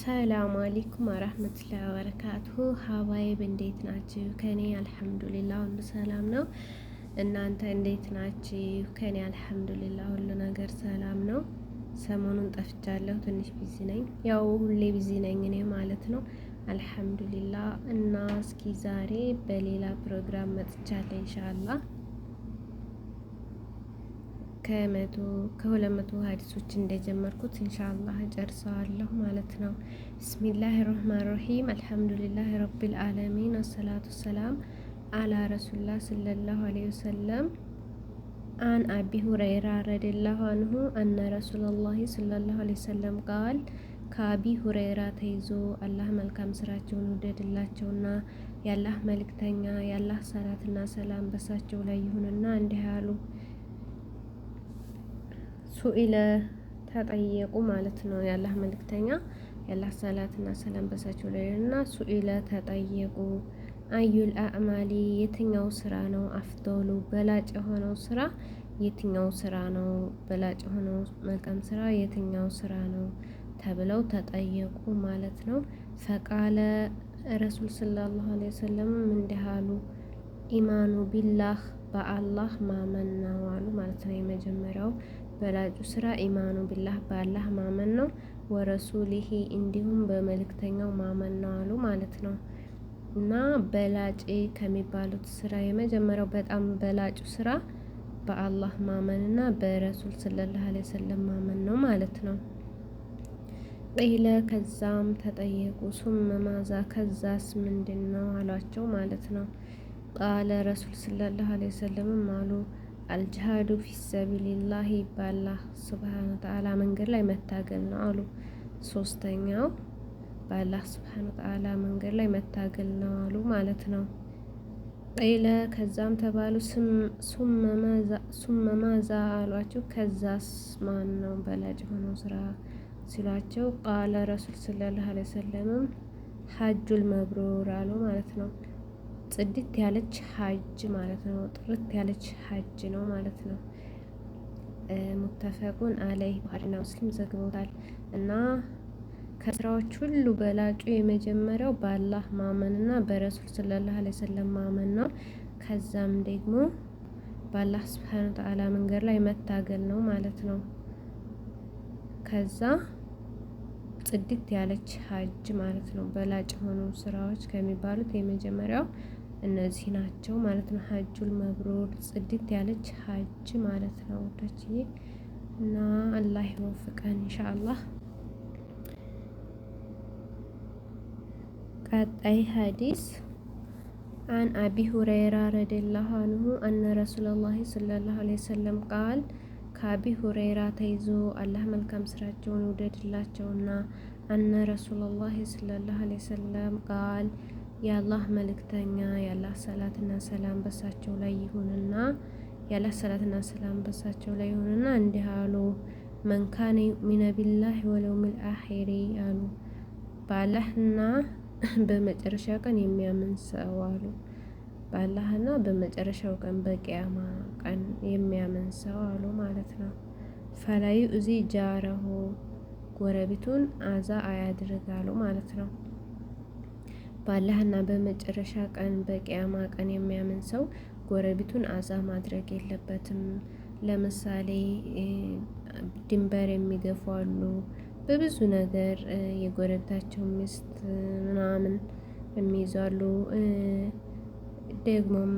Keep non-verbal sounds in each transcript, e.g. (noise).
ሰላም አለይኩም ወራህመቱላሂ ወበረካቱሁ ሀባይብ እንዴት ናችሁ? ከኔ አልሐምዱሊላ ሁሉ ሰላም ነው። እናንተ እንዴት ናችሁ? ከኔ አልሐምዱሊላ ሁሉ ነገር ሰላም ነው። ሰሞኑን ጠፍቻለሁ፣ ትንሽ ቢዚ ነኝ። ያው ሁሌ ቢዚ ነኝ እኔ ማለት ነው። አልሐምዱሊላ እና እስኪ ዛሬ በሌላ ፕሮግራም መጥቻለሁ ኢንሻአላህ ከመቶ ከሁለት መቶ ሀዲሶች እንደጀመርኩት ኢንሻአላህ ጨርሰዋለሁ ማለት ነው። ብስሚላህ ረህማን ራሂም አልሐምዱሊላህ ረቢል አለሚን አሰላቱ ሰላም አላ ረሱላህ ሰለላሁ አለይሂ ወሰለም አን አቢ ሁረይራ ረዲላሁ አንሁ አነ ረሱላላሂ ሰለላሁ አለይሂ ወሰለም ቃል ከአቢ ሁረይራ ተይዞ አላህ መልካም ስራቸውን ውደድላቸውና የአላህ መልእክተኛ የአላህ ሰላትና ሰላም በሳቸው ላይ ይሁንና እንዲህ አሉ። ሱኢለ ተጠየቁ ማለት ነው። የአላህ መልእክተኛ ያላህ ሰላትና ሰላም በሳቸው ላይ እና ሱኢለ ተጠየቁ አዩል አዕማሊ የትኛው ስራ ነው አፍዶሉ በላጭ የሆነው ስራ የትኛው ስራ ነው በላጭ የሆነው መልካም ስራ የትኛው ስራ ነው ተብለው ተጠየቁ ማለት ነው። ፈቃለ ረሱል ሰለላሁ ዐለይሂ ወሰለም እንዲህ አሉ፣ ኢማኑ ቢላህ በአላህ ማመን ነው አሉ ማለት ነው። የመጀመሪያው በላጩ ስራ ኢማኑ ቢላህ በአላህ ማመን ነው፣ ወረሱሊሂ እንዲሁም በመልእክተኛው ማመን ነው አሉ ማለት ነው። እና በላጭ ከሚባሉት ስራ የመጀመሪያው በጣም በላጩ ስራ በአላህ ማመን እና በረሱል ሰለላሁ ዐለይሂ ወሰለም ማመን ነው ማለት ነው። ቂለ ከዛም ተጠየቁ፣ ሱመ ማዛ ከዛስ ምንድን ነው አሏቸው ማለት ነው። ቃለ ረሱል ሰለላሁ ዐለይሂ ወሰለም አሉ አልጅሃዱ ፊሰቢልላህ ይባላል ስብሓን ወተዓላ መንገድ ላይ መታገል ነው አሉ። ሶስተኛው በአላህ ስብሓን ወተዓላ መንገድ ላይ መታገል ነው አሉ ማለት ነው። ቀይለ ከዛም ተባሉ። ሱመ ማዛ አሏቸው። ከዛስ ማን ነው በላጭ የሆነው ስራ ሲሏቸው ቃለ ረሱል ሰለላሁ ዐለይሂ ሀጁል መብሩር አሉ ማለት ነው። ጽድት ያለች ሀጅ ማለት ነው። ጥርት ያለች ሀጅ ነው ማለት ነው። ሙተፈቁን አለይ ቡኻሪና ሙስሊም ዘግበውታል። እና ከስራዎች ሁሉ በላጩ የመጀመሪያው በአላህ ማመንና በረሱል ሰለላሁ ዐለይሂ ወሰለም ማመን ነው። ከዛም ደግሞ በአላህ ስብሓነ ወተዓላ መንገድ ላይ መታገል ነው ማለት ነው። ከዛ ጽድት ያለች ሀጅ ማለት ነው። በላጭ የሆኑ ስራዎች ከሚባሉት የመጀመሪያው እነዚህ ናቸው ማለት ነው። ሀጁል መብሩር ጽድት ያለች ሀጅ ማለት ነው ወዳችዬ እና አላህ ይወፍቀን ኢንሻአላህ። ቀጣይ ሀዲስ አን አቢ ሁረይራ ረዲላሁ አንሁ አነ ረሱላላህ ሰለላሁ ዐለይሂ ወሰለም ቃል ከአቢ ሁረይራ ተይዞ አላህ መልካም ስራቸውን ውደድላቸውና አነ ረሱላላህ ሰለላሁ ዐለይሂ ወሰለም ቃል የአላህ መልእክተኛ የአላህ ሰላትና ሰላም በሳቸው ላይ ይሁንና የአላህ ሰላትና ሰላም በሳቸው ላይ ይሁንና እንዲህ አሉ። መንካነ ዩእሚነ ቢላህ ወለውሚል አኺሪ አሉ። ባላህና በመጨረሻ ቀን የሚያምን ሰው አሉ። ባላህና በመጨረሻው ቀን በቅያማ ቀን የሚያምን ሰው አሉ ማለት ነው። ፈላዩ እዚ ጃረሁ ጎረቤቱን አዛ አያድርጋሉ ማለት ነው። ባላህና በመጨረሻ ቀን በቂያማ ቀን የሚያምን ሰው ጎረቤቱን አዛ ማድረግ የለበትም። ለምሳሌ ድንበር የሚገፉ አሉ። በብዙ ነገር የጎረቤታቸው ሚስት ምናምን የሚይዛሉ። ደግሞም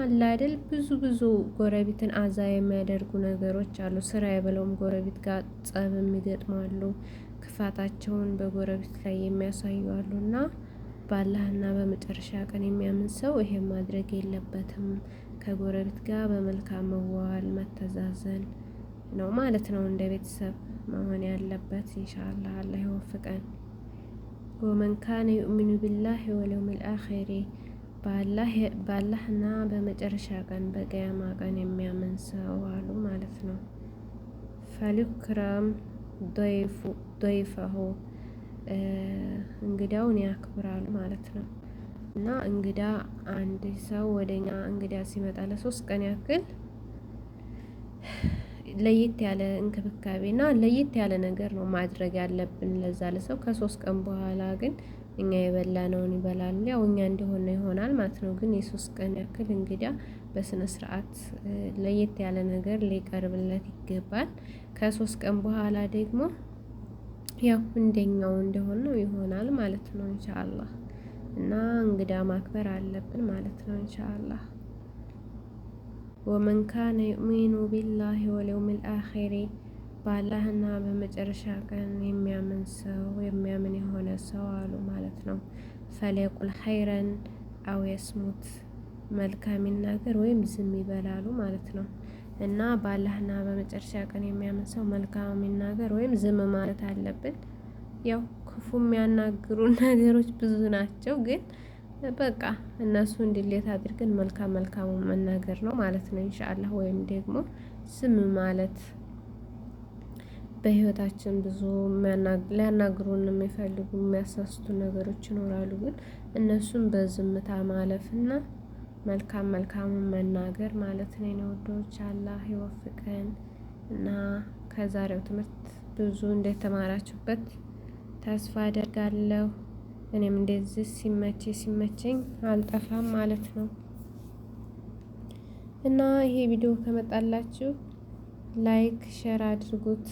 አለ አይደል ብዙ ብዙ ጎረቤትን አዛ የሚያደርጉ ነገሮች አሉ። ስራ የበለውም ጎረቤት ጋር ጸብ የሚገጥማሉ። ክፋታቸውን በጎረቤት ላይ የሚያሳዩ አሉና ባላህና በመጨረሻ ቀን የሚያምን ሰው ይሄን ማድረግ የለበትም። ከጎረቤት ጋር በመልካም መዋል፣ መተዛዘን ነው ማለት ነው እንደ ቤተሰብ መሆን ያለበት። ኢንሻአላህ አላህ ይወፍቀን። ወመን ካነ ዩእሚኑ ቢላሂ ወልየውሚል አኺሪ በአላህና በመጨረሻ ቀን በቅያማ ቀን የሚያምን ሰው አሉ ማለት ነው። ፈሊክረም ዶይፈሁ እንግዳውን ያክብራል ማለት ነው። እና እንግዳ አንድ ሰው ወደኛ እንግዳ ሲመጣ ለሶስት ቀን ያክል ለየት ያለ እንክብካቤና ለየት ያለ ነገር ነው ማድረግ ያለብን ለዛ ለሰው። ከሶስት ቀን በኋላ ግን እኛ የበላ ነውን ይበላል፣ ያው እኛ እንደሆነ ይሆናል ማለት ነው። ግን የሶስት ቀን ያክል እንግዳ በስነ ስርዓት ለየት ያለ ነገር ሊቀርብለት ይገባል። ከሶስት ቀን በኋላ ደግሞ ያው እንደኛው እንደሆነ ይሆናል ማለት ነው ኢንሻአላህ። እና እንግዳ ማክበር አለብን ማለት ነው ኢንሻአላህ። ወመን ካነ ዩእሚኑ ቢላሂ ወልየውሚል አኺሪ ባላህና በመጨረሻ ቀን የሚያምን ሰው የሚያምን የሆነ ሰው አሉ ማለት ነው። ፈሊየቁል ኸይረን አው የስሙት መልካም ይናገር ወይም ዝም ይበላሉ ማለት ነው። እና ባላህና በመጨረሻ ቀን የሚያምን ሰው መልካም የሚናገር ወይም ዝም ማለት አለብን። ያው ክፉ የሚያናግሩ (laughs) ነገሮች ብዙ ናቸው፣ ግን በቃ እነሱ እንዲሌት አድርገን መልካም መልካሙ መናገር ነው ማለት ነው ኢንሻአላህ። ወይም ደግሞ ዝም ማለት በህይወታችን ብዙ ሊያናግሩን የሚፈልጉ የሚያሳስቱ ነገሮች ይኖራሉ፣ ግን እነሱም በዝምታ ማለፍና መልካም መልካም መናገር ማለት ነው። የኔ ውዶች አላህ ይወፍቀን እና ከዛሬው ትምህርት ብዙ እንደተማራችሁበት ተስፋ አደርጋለሁ። እኔም እንደዚህ ሲመቼ ሲመቸኝ አልጠፋም ማለት ነው እና ይሄ ቪዲዮ ከመጣላችሁ ላይክ፣ ሼር አድርጉት።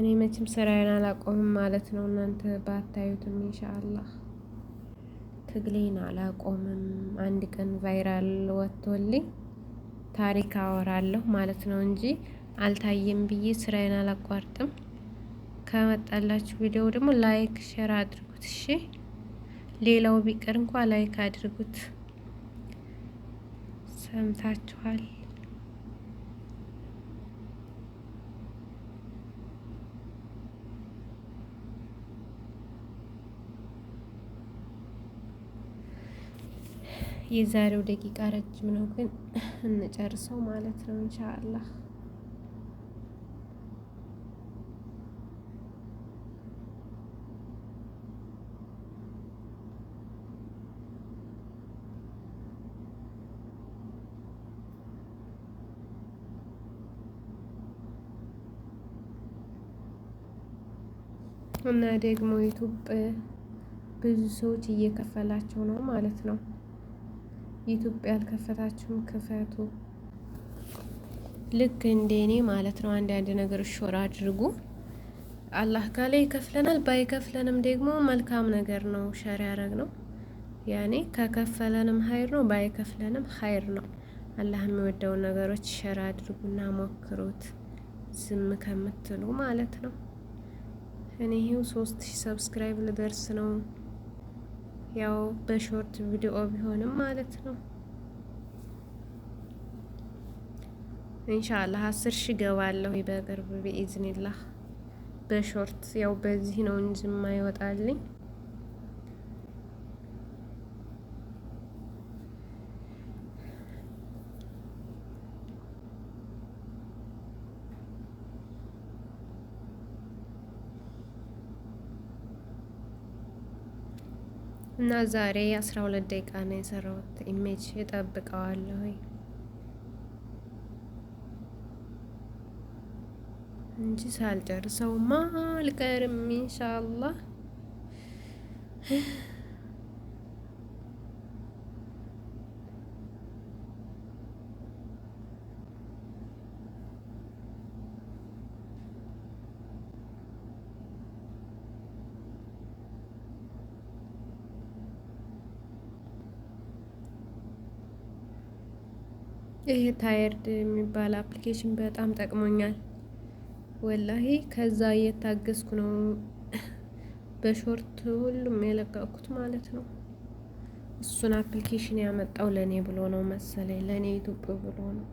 እኔ መቼም ስራዬን አላቆምም ማለት ነው እናንተ ባታዩትም ኢንሻአላህ ትግሌን አላቆምም አንድ ቀን ቫይራል ወጥቶልኝ ታሪክ አወራለሁ ማለት ነው እንጂ አልታየም ብዬ ስራዬን አላቋርጥም። ከመጣላችሁ ቪዲዮ ደግሞ ላይክ ሼር አድርጉት። እሺ ሌላው ቢቀር እንኳ ላይክ አድርጉት። ሰምታችኋል። የዛሬው ደቂቃ ረጅም ነው፣ ግን እንጨርሰው ማለት ነው ኢንሻአላህ። እና ደግሞ ዩቱብ ብዙ ሰዎች እየከፈላቸው ነው ማለት ነው። ዩቱብ ያልከፈታችሁ ክፈቱ። ልክ እንደ እኔ ማለት ነው። አንዳንድ ነገር ሾር አድርጉ። አላህ ካለ ይከፍለናል፣ ባይከፍለንም ደግሞ መልካም ነገር ነው። ሸር ያረግ ነው ያኔ ከከፈለንም ሀይር ነው፣ ባይከፍለንም ሀይር ነው። አላህ የሚወደውን ነገሮች ሸር አድርጉና ሞክሩት፣ ዝም ከምትሉ ማለት ነው። እኔ ይኸው ሶስት ሺህ ሰብስክራይብ ልደርስ ነው። ያው በሾርት ቪዲዮ ቢሆንም ማለት ነው። ኢንሻአላህ አስር ሺ ገባለሁ በቅርብ በኢዝኒላህ። በሾርት ያው በዚህ ነው እንጂ የማይወጣልኝ እና ዛሬ አስራ ሁለት ደቂቃ ነው የሰራሁት። ኢሜጅ እጠብቀዋለሁ እንጂ ሳልጨርሰውማ አልቀርም ኢንሻአላህ። ይሄ ታየርድ የሚባል አፕሊኬሽን በጣም ጠቅሞኛል። ወላሂ ከዛ እየታገዝኩ ነው በሾርት ሁሉም የለቀኩት ማለት ነው። እሱን አፕሊኬሽን ያመጣው ለእኔ ብሎ ነው መሰለኝ፣ ለእኔ ኢትዮጵያ ብሎ ነው።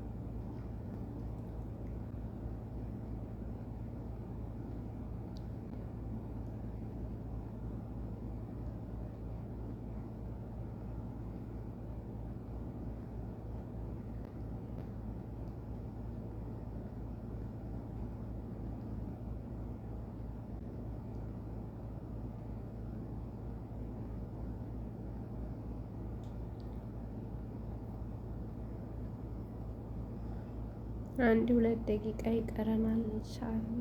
አንድ ሁለት ደቂቃ ይቀረናል። ኢንሻአላ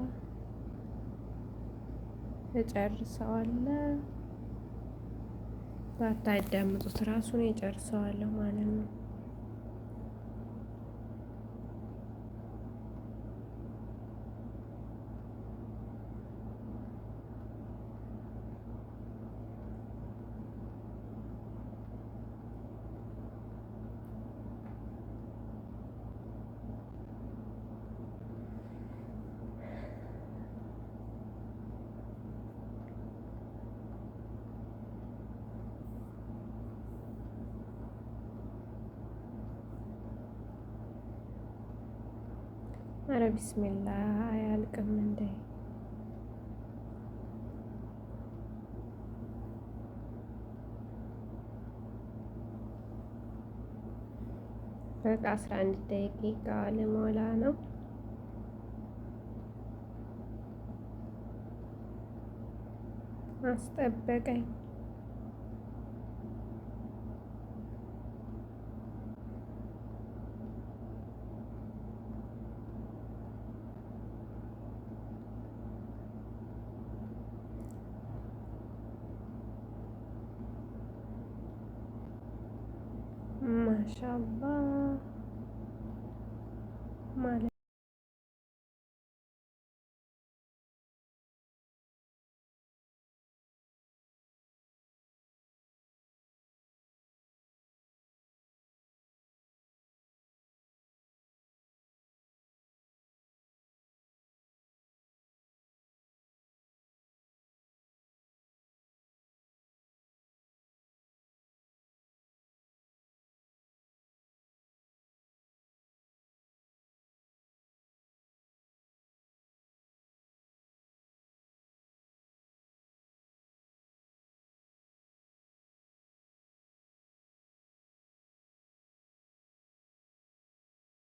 እጨርሰዋለሁ። ባታዳምጡት ራሱን የጨርሰዋለሁ ማለት ነው። አረ ቢስሚላ አያልቅም እንደ በቃ አስራ አንድ ደቂቃ ልሞላ ነው። አስጠበቀኝ። ማለት